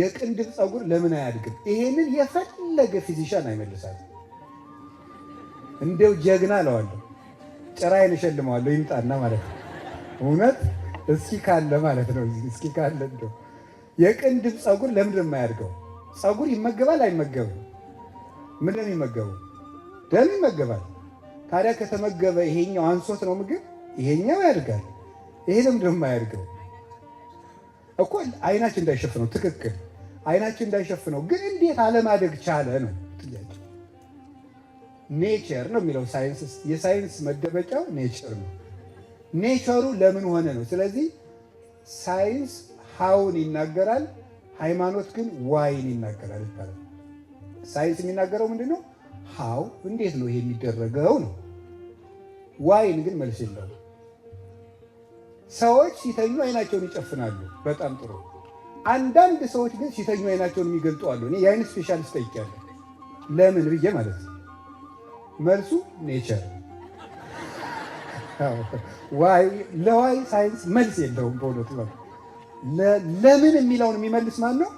የቅንድብ ፀጉር ለምን አያድግም? ይሄንን የፈለገ ፊዚሻን አይመልሳል። እንደው ጀግና እለዋለሁ። ጭራዬን እሸልመዋለሁ ይምጣና ማለት ነው። እውነት እስኪ ካለ ማለት ነው። እስኪ ካለ እንደው የቅንድብ ፀጉር ለምንድን የማያድገው? ፀጉር ይመገባል አይመገብም? ምንድን ይመገቡ? ደም ይመገባል። ታዲያ ከተመገበ ይሄኛው አንሶት ነው ምግብ፣ ይሄኛው ያድጋል። ይሄ ለምንድን የማያድገው እኮ አይናችን እንዳይሸፍነው ትክክል አይናችን እንዳይሸፍነው። ግን እንዴት አለማደግ ቻለ ነው ጥያቄ። ኔቸር ነው የሚለው ሳይንስ፣ የሳይንስ መደበቂያው ኔቸር ነው። ኔቸሩ ለምን ሆነ ነው። ስለዚህ ሳይንስ ሀውን ይናገራል፣ ሃይማኖት ግን ዋይን ይናገራል ይባላል። ሳይንስ የሚናገረው ምንድን ነው? ሀው እንዴት ነው ይሄ የሚደረገው ነው። ዋይን ግን መልስ ለው? ሰዎች ሲተኙ አይናቸውን ይጨፍናሉ። በጣም ጥሩ አንዳንድ ሰዎች ግን ሲተኙ አይናቸውን የሚገልጡ አሉ። እኔ የአይን ስፔሻሊስት ጠይቄያለሁ። ለምን ብዬ ማለት ነው። መልሱ ኔቸር ለዋይ ሳይንስ መልስ የለውም። በእውነቱ ለምን የሚለውን የሚመልስ ማን ነው?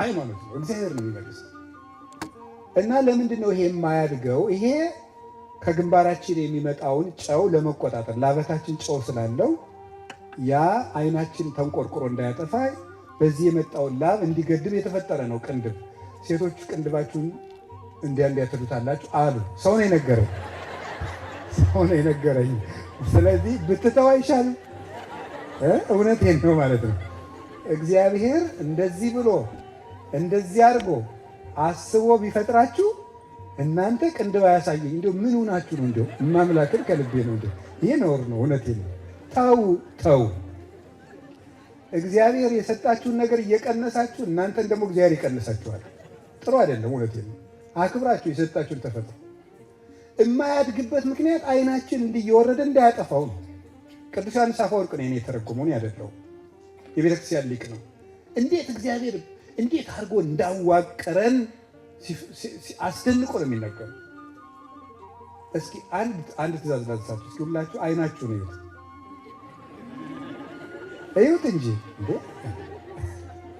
ሃይማኖት ነው፣ እግዚአብሔር ነው የሚመልስ። እና ለምንድን ነው ይሄ የማያድገው? ይሄ ከግንባራችን የሚመጣውን ጨው ለመቆጣጠር ላበታችን ጨው ስላለው ያ አይናችን ተንቆርቁሮ እንዳያጠፋ በዚህ የመጣውን ላብ እንዲገድብ የተፈጠረ ነው። ቅንድብ ሴቶች ቅንድባችሁን እንዲያ እንዲያትሉታላችሁ አሉ። ሰው ነው የነገረ ሰው ነው የነገረኝ። ስለዚህ ብትተው አይሻልም? እውነቴን ነው ማለት ነው። እግዚአብሔር እንደዚህ ብሎ እንደዚህ አድርጎ አስቦ ቢፈጥራችሁ እናንተ ቅንድብ አያሳየኝ። እንዲ ምን ሆናችሁ ነው? እንዲ እማምላክን ከልቤ ነው። እንዲ ይህ ነውር ነው። እውነቴን ነው። ተው ተው። እግዚአብሔር የሰጣችሁን ነገር እየቀነሳችሁ እናንተን ደግሞ እግዚአብሔር ይቀንሳችኋል። ጥሩ አይደለም። እውነት ነው። አክብራችሁ የሰጣችሁን ተፈጥሮ የማያድግበት ምክንያት አይናችን እንዲህ እየወረደ እንዳያጠፋው ነው። ቅዱስ ዮሐንስ አፈወርቅ ነው የተረጎመውን ያደለው የቤተክርስቲያን ሊቅ ነው። እንዴት እግዚአብሔር እንዴት አድርጎ እንዳዋቀረን አስደንቆ ነው የሚነገሩ። እስኪ አንድ ትእዛዝ ላንሳችሁ። እስኪ ሁላችሁ አይናችሁ ነው እዩት እንጂ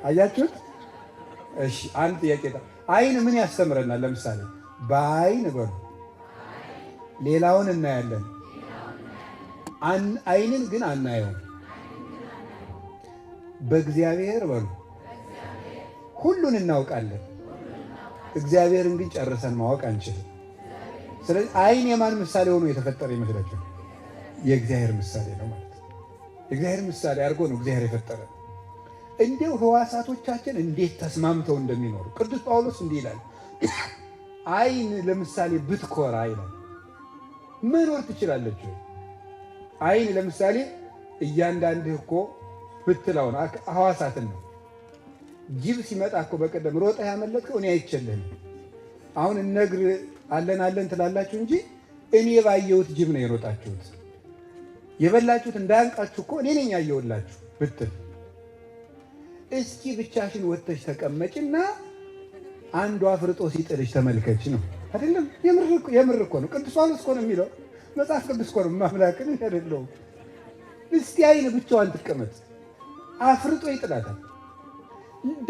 አያችሁት። እሺ አንድ ጥያቄ፣ አይን ምን ያስተምረናል? ለምሳሌ በአይን በሉ ሌላውን እናያለን፣ አይንን ግን አናየውም። በእግዚአብሔር በሉ ሁሉን እናውቃለን፣ እግዚአብሔርን ግን ጨርሰን ማወቅ አንችልም። ስለዚህ አይን የማን ምሳሌ ሆኖ የተፈጠረ ይመስላችኋል? የእግዚአብሔር ምሳሌ ነው ማለት እግዚአብሔር ምሳሌ አድርጎ ነው እግዚአብሔር የፈጠረ። እንዲው ህዋሳቶቻችን እንዴት ተስማምተው እንደሚኖሩ ቅዱስ ጳውሎስ እንዲህ ይላል፣ አይን ለምሳሌ ብትኮራ ይላል መኖር ትችላለች። አይን ለምሳሌ እያንዳንድህ እኮ ብትላውን ህዋሳትን ነው። ጅብ ሲመጣ እኮ በቀደም ሮጠህ ያመለጥከው እኔ አይቸልህም። አሁን እነግር አለን አለን ትላላችሁ እንጂ እኔ ባየሁት ጅብ ነው የሮጣችሁት። የበላችሁት እንዳያንቃችሁ እኮ እኔ ነኝ ያየሁላችሁ ብትል፣ እስኪ ብቻሽን ወጥተሽ ተቀመጭና አንዱ አፍርጦ ሲጥልሽ ተመልከች ነው አይደለም? የምር እኮ ነው። ቅዱስ ጳውሎስ እኮ ነው የሚለው መጽሐፍ ቅዱስ እኮ ነው። ማምላክን ያደለው እስቲ አይን ብቻዋን ትቀመጥ፣ አፍርጦ ይጥላታል።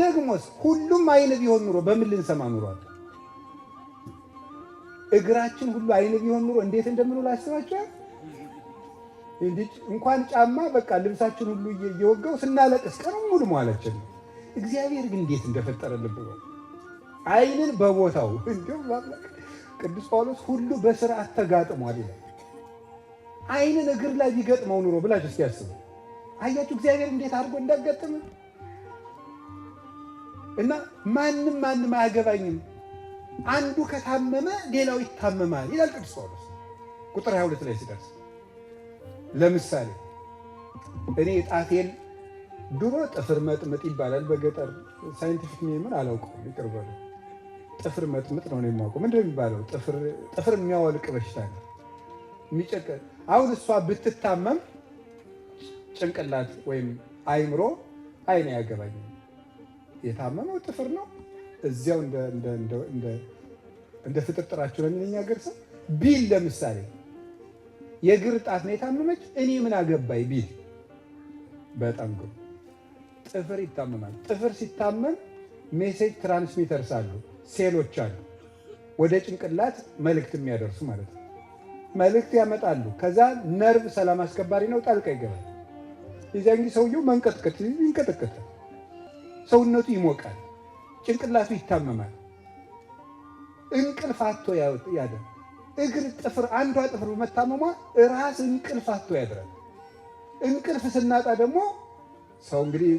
ደግሞስ ሁሉም አይን ቢሆን ኑሮ በምን ልንሰማ ኑሯል? እግራችን ሁሉ አይን ቢሆን ኑሮ እንዴት እንደምንውል አስባችኋል? እንኳን ጫማ በቃ ልብሳችን ሁሉ እየወጋው ስናለቅስ ቀን ሙሉ መዋላችን ነው። እግዚአብሔር ግን እንዴት እንደፈጠረ ልብ በል። በቦታው እንዲሁም ቅዱስ ጳውሎስ ሁሉ በስርዓት ተጋጥሟል ይላል። አይንን እግር ላይ ቢገጥመው ኑሮ ብላችሁ እስኪ አያችሁ እግዚአብሔር እንዴት አድርጎ እንዳጋጠመ እና ማንም ማንም አያገባኝም፣ አንዱ ከታመመ ሌላው ይታመማል ይላል ቅዱስ ጳውሎስ ቁጥር 22 ላይ ሲደርስ ለምሳሌ እኔ ጣቴን ድሮ ጥፍር መጥምጥ ይባላል በገጠር ሳይንቲፊክ ምን አላውቀውም፣ ይቅር በሉ። ጥፍር መጥምጥ ነው የማውቀው። ምንድን የሚባለው? ጥፍር የሚያወልቅ በሽታ ነው አሁን እሷ ብትታመም ጭንቅላት ወይም አይምሮ አይን ያገባኛል። የታመመው ጥፍር ነው። እዚያው እንደ ፍጥርጥራችሁ ነው የሚለኝ ሀገር ሰው ቢል ለምሳሌ የእግር ጣት ነው የታመመች። እኔ ምን አገባኝ ቢል በጣም ግሩ። ጥፍር ይታመማል። ጥፍር ሲታመም ሜሴጅ ትራንስሚተርስ አሉ፣ ሴሎች አሉ፣ ወደ ጭንቅላት መልእክት የሚያደርሱ ማለት ነው። መልእክት ያመጣሉ። ከዛ ነርቭ ሰላም አስከባሪ ነው፣ ጣልቃ ይገባል። እዚያ እንግዲህ ሰውየው መንቀጥቀጥ ይንቀጠቀጣል፣ ሰውነቱ ይሞቃል፣ ጭንቅላቱ ይታመማል። እንቅልፍ አቶ ያደ እግር ጥፍር አንዷ ጥፍር በመታመሟ ራስ እንቅልፍ አቶ ያድራል። እንቅልፍ ስናጣ ደግሞ ሰው እንግዲህ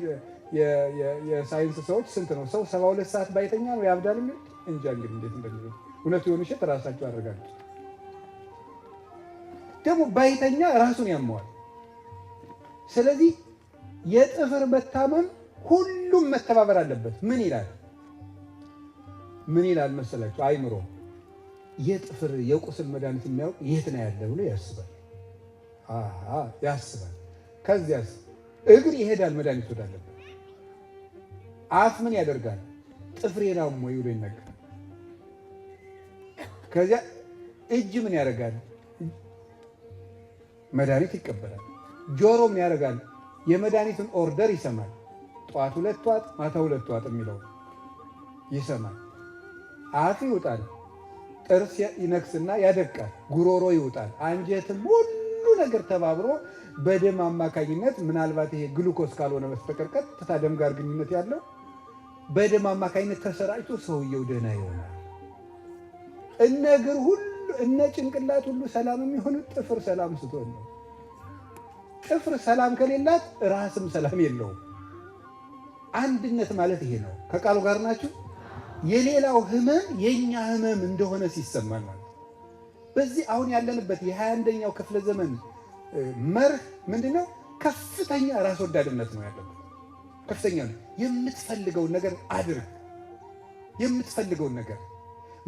የሳይንስ ሰዎች ስንት ነው ሰው ሰባ ሁለት ሰዓት ባይተኛ ነው ያብዳል የሚል እንጃ እንግዲህ እንዴት እንደሚሉ እውነቱ የሆኑ ሸት ራሳቸው አድርጋለች። ደግሞ ባይተኛ ራሱን ያመዋል። ስለዚህ የጥፍር መታመም ሁሉም መተባበር አለበት። ምን ይላል ምን ይላል መሰላችሁ አይምሮ የጥፍር የቁስል መድኃኒት የሚያውቅ የት ነው ያለ ብሎ ያስባል ያስባል። ከዚያስ እግር ይሄዳል መድኃኒት ወዳለበት። አፍ ምን ያደርጋል? ጥፍሬ ወይ ብሎ ይነገራል። ከዚያ እጅ ምን ያደርጋል? መድኃኒት ይቀበላል። ጆሮ ምን ያደርጋል? የመድኃኒትን ኦርደር ይሰማል። ጠዋት ሁለት ዋጥ፣ ማታ ሁለት ዋጥ የሚለው ይሰማል። አፍ ይውጣል ጥርስ ይነክስና ያደቃል፣ ጉሮሮ ይውጣል፣ አንጀትም ሁሉ ነገር ተባብሮ በደም አማካኝነት ምናልባት ይሄ ግሉኮስ ካልሆነ በስተቀር ቀጥታ ደም ጋር ግንኙነት ያለው በደም አማካኝነት ተሰራጭቶ ሰውየው ደህና ይሆናል። እነ እግር ሁሉ እነ ጭንቅላት ሁሉ ሰላም የሚሆኑ ጥፍር ሰላም ስትሆን ነው። ጥፍር ሰላም ከሌላት ራስም ሰላም የለውም። አንድነት ማለት ይሄ ነው። ከቃሉ ጋር ናችሁ። የሌላው ህመም የኛ ህመም እንደሆነ ሲሰማን ማለት በዚህ አሁን ያለንበት የ21ኛው ክፍለ ዘመን መርህ ምንድነው? ከፍተኛ ራስ ወዳድነት ነው ያለበት። ከፍተኛ ነው። የምትፈልገውን ነገር አድርግ፣ የምትፈልገውን ነገር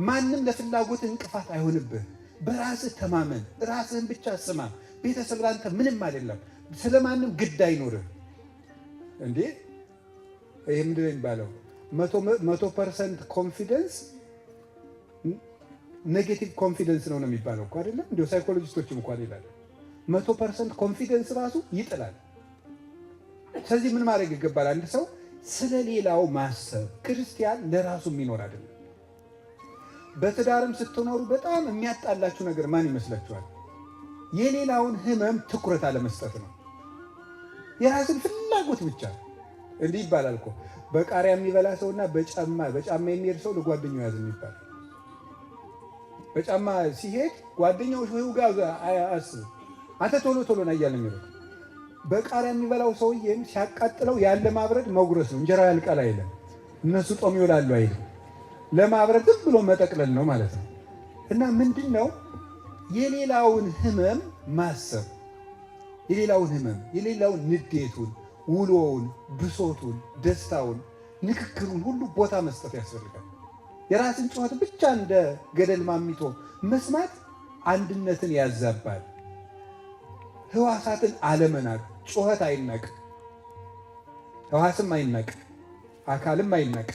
ማንም ለፍላጎት እንቅፋት አይሆንብህ። በራስህ ተማመን፣ ራስህን ብቻ ስማ። ቤተሰብ ላንተ ምንም አይደለም፣ ስለማንም ግድ አይኖርህ። እንዴ ይህ ነው የሚባለው? መቶ ፐርሰንት ኮንፊደንስ ኔጌቲቭ ኮንፊደንስ ነው ነው የሚባለው እኮ አይደለም እንዲሁ ሳይኮሎጂስቶችም እንኳን ይላል መቶ ፐርሰንት ኮንፊደንስ ራሱ ይጥላል። ስለዚህ ምን ማድረግ ይገባል? አንድ ሰው ስለ ሌላው ማሰብ ክርስቲያን ለራሱ የሚኖር አይደለም። በትዳርም ስትኖሩ በጣም የሚያጣላችሁ ነገር ማን ይመስላችኋል? የሌላውን ህመም ትኩረት አለመስጠት ነው፣ የራስን ፍላጎት ብቻ ነው እንዲህ ይባላል እኮ በቃሪያ የሚበላ ሰውና በጫማ በጫማ የሚሄድ ሰው ለጓደኛው ያዝ የሚባል በጫማ ሲሄድ ጓደኛው ሽው ጋር አያስብ አንተ ቶሎ ቶሎ ና እያለ የሚለው በቃሪያ የሚበላው ሰውዬም ሲያቃጥለው ያለ ማብረድ መጉረስ ነው። እንጀራ ያልቀል አይለም። እነሱ ጦም ይውላሉ አይልም። ለማብረድ ዝም ብሎ መጠቅለል ነው ማለት ነው። እና ምንድን ነው የሌላውን ህመም ማሰብ የሌላውን ህመም የሌላውን ንዴቱን ውሎውን፣ ብሶቱን፣ ደስታውን፣ ንክክሩን ሁሉ ቦታ መስጠት ያስፈልጋል። የራስን ጩኸት ብቻ እንደ ገደል ማሚቶ መስማት አንድነትን ያዛባል። ህዋሳትን አለመናቅ። ጩኸት አይናቅ፣ ህዋስም አይናቅ፣ አካልም አይናቅ።